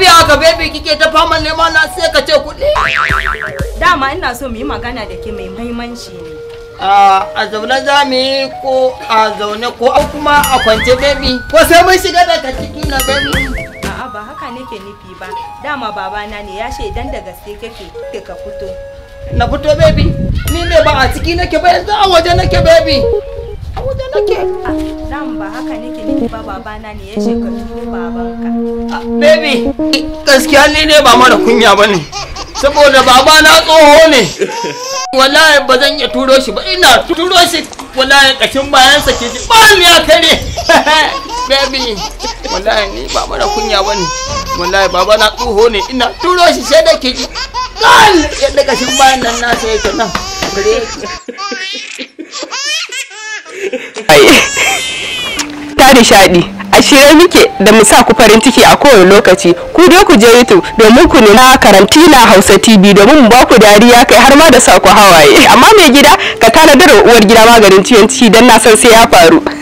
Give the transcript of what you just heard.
tafiya ga bebe kike ta fama nema na sai ka ce kuɗi. Dama ina so mu yi magana da ke mai muhimmanci ne. A zaune za mu yi ko a zaune ko a kuma a kwance bebi ko sai mun shiga daga ciki na bebi. A'a ba haka nake nufi ba dama babana ne ya ce idan da gaske kake ka fito. Na fito bebi ni ne ba a ciki nake ba yanzu a waje nake bebi. A waje nake. Dan ba haka nake nufi ba babana ne ya shekaru ka baba. baby gaskiya ni ne ba mara kunya ba ne saboda baba na tsoho ne wallahi ba zan iya turo shi ba ina turo shi wallahi kashin bayansa ke ji ni ya kare baby wallahi ni ba mara kunya ba ne wallahi baba na tsoho ne ina turo shi sai da ke ji kan yadda kashin bayan nan nasa yake nan ai ta nishaɗi ya muke da mu sa ku farin ciki a kowane lokaci ku dai ku je YouTube domin ku nuna karantina Hausa TV domin mu ba ku dariya kai har ma da sa ku hawaye amma mai gida ka tanadar uwar gida maganin ciwon ciki dan na san sai ya faru